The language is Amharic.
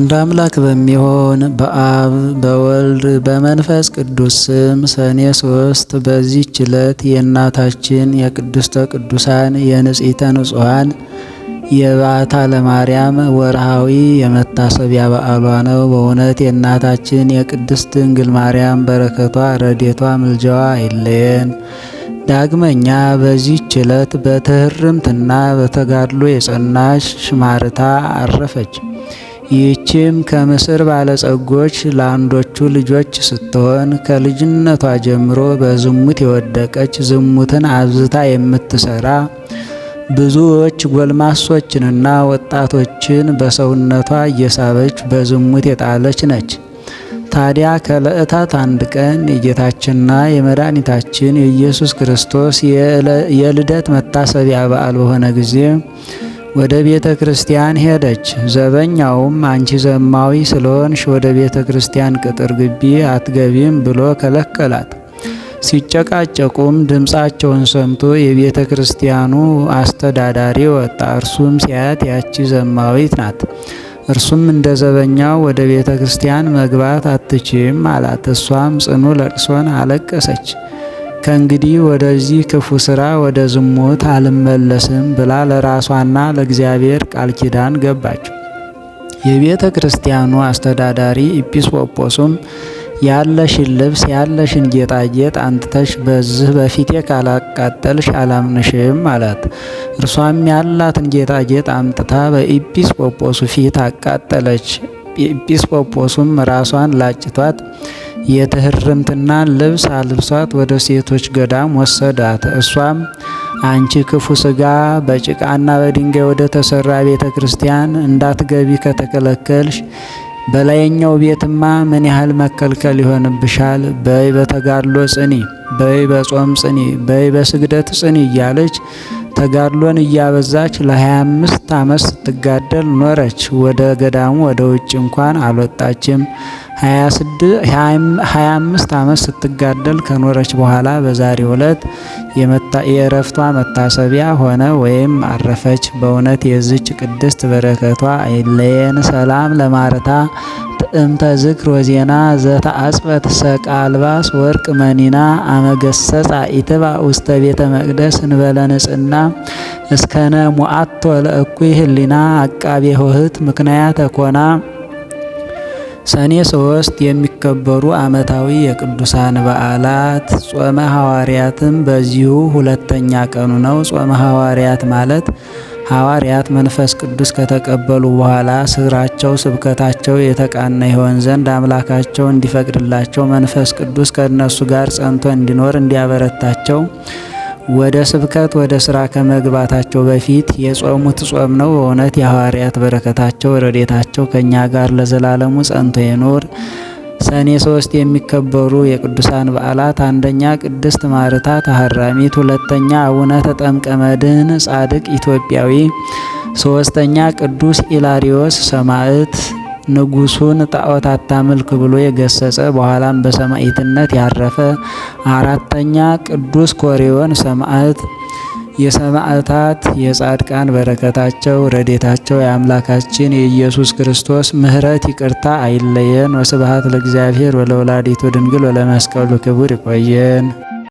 አንድ አምላክ በሚሆን በአብ በወልድ በመንፈስ ቅዱስ ስም ሰኔ ሶስት በዚህች ዕለት የእናታችን የቅድስተ ቅዱሳን የንጽሕተ ንጹሐን የባዕታ ለማርያም ወርሃዊ የመታሰቢያ በዓሏ ነው። በእውነት የእናታችን የቅድስት ድንግል ማርያም በረከቷ፣ ረዴቷ፣ ምልጃዋ አይለየን። ዳግመኛ በዚህች ዕለት በትህርምትና በተጋድሎ የጸናች ሽማርታ አረፈች። ይህችም ከምስር ባለጸጎች ለአንዶቹ ልጆች ስትሆን ከልጅነቷ ጀምሮ በዝሙት የወደቀች ዝሙትን አብዝታ የምትሰራ ብዙዎች ጎልማሶችንና ወጣቶችን በሰውነቷ እየሳበች በዝሙት የጣለች ነች። ታዲያ ከለእታት አንድ ቀን የጌታችንና የመድኃኒታችን የኢየሱስ ክርስቶስ የልደት መታሰቢያ በዓል በሆነ ጊዜ ወደ ቤተ ክርስቲያን ሄደች። ዘበኛውም አንቺ ዘማዊ ስለሆንሽ ወደ ቤተ ክርስቲያን ቅጥር ግቢ አትገቢም ብሎ ከለከላት። ሲጨቃጨቁም ድምፃቸውን ሰምቶ የቤተ ክርስቲያኑ አስተዳዳሪ ወጣ። እርሱም ሲያት ያቺ ዘማዊት ናት። እርሱም እንደ ዘበኛው ወደ ቤተ ክርስቲያን መግባት አትችም አላት። እሷም ጽኑ ለቅሶን አለቀሰች። ከእንግዲህ ወደዚህ ክፉ ሥራ ወደ ዝሙት አልመለስም ብላ ለራሷና ለእግዚአብሔር ቃል ኪዳን ገባች። የቤተ ክርስቲያኑ አስተዳዳሪ ኢጲስቆጶስም ያለሽን ልብስ ያለሽን ጌጣጌጥ አንጥተሽ በዚህ በፊቴ ካላቃጠልሽ አላምንሽም አላት። እርሷም ያላትን ጌጣጌጥ አምጥታ በኢጲስቆጶሱ ፊት አቃጠለች። ኢጲስቆጶሱም ራሷን ላጭቷት የትህርምትና ልብስ አልብሷት ወደ ሴቶች ገዳም ወሰዳት። እሷም አንቺ ክፉ ስጋ በጭቃና በድንጋይ ወደ ተሰራ ቤተ ክርስቲያን እንዳትገቢ ከተከለከልሽ በላይኛው ቤትማ ምን ያህል መከልከል ይሆንብሻል? በይ በተጋድሎ ጽኒ፣ በይ በጾም ጽኒ፣ በይ በስግደት ጽኒ እያለች ተጋድሎን እያበዛች ለ25 ዓመት ስትጋደል ኖረች። ወደ ገዳሙ ወደ ውጭ እንኳን አልወጣችም። 25 ዓመት ስትጋደል ከኖረች በኋላ በዛሬው ዕለት የዕረፍቷ መታሰቢያ ሆነ ወይም አረፈች። በእውነት የዚች ቅድስት በረከቷ አይለየን። ሰላም ለማረታ ጥእምተ ዝክር ወዜና ዘተአጽበት ሰቃልባስ ወርቅ መኒና አመገሰጻ ኢትባ ውስተ ቤተ መቅደስ እንበለ ንጽና እስከነ ሙአቶ ለእኩይ ህሊና አቃቤ ሆህት ምክንያት ኮና ሰኔ ሶስት የሚከበሩ ዓመታዊ የቅዱሳን በዓላት ጾመ ሐዋርያትም በዚሁ ሁለተኛ ቀኑ ነው። ጾመ ሐዋርያት ማለት ሐዋርያት መንፈስ ቅዱስ ከተቀበሉ በኋላ ስራቸው፣ ስብከታቸው የተቃና ይሆን ዘንድ አምላካቸው እንዲፈቅድላቸው መንፈስ ቅዱስ ከእነሱ ጋር ጸንቶ እንዲኖር እንዲያበረታቸው ወደ ስብከት ወደ ስራ ከመግባታቸው በፊት የጾሙት ጾም ነው። በእውነት የሐዋርያት በረከታቸው ረዴታቸው ከእኛ ጋር ለዘላለሙ ጸንቶ ይኖር። ሰኔ ሶስት የሚከበሩ የቅዱሳን በዓላት አንደኛ ቅድስት ማርታ ተሐራሚት፣ ሁለተኛ አቡነ ተጠምቀ መድኅን ጻድቅ ኢትዮጵያዊ፣ ሶስተኛ ቅዱስ ኢላሪዮስ ሰማዕት። ንጉሱን ጣዖት አታምልክ ብሎ የገሰጸ በኋላም በሰማዕትነት ያረፈ። አራተኛ ቅዱስ ኮሪዮን ሰማዕት። የሰማዕታት የጻድቃን በረከታቸው ረዴታቸው የአምላካችን የኢየሱስ ክርስቶስ ምሕረት ይቅርታ አይለየን። ወስብሐት ለእግዚአብሔር ወለወላዲቱ ድንግል ወለመስቀሉ ክቡር ይቆየን።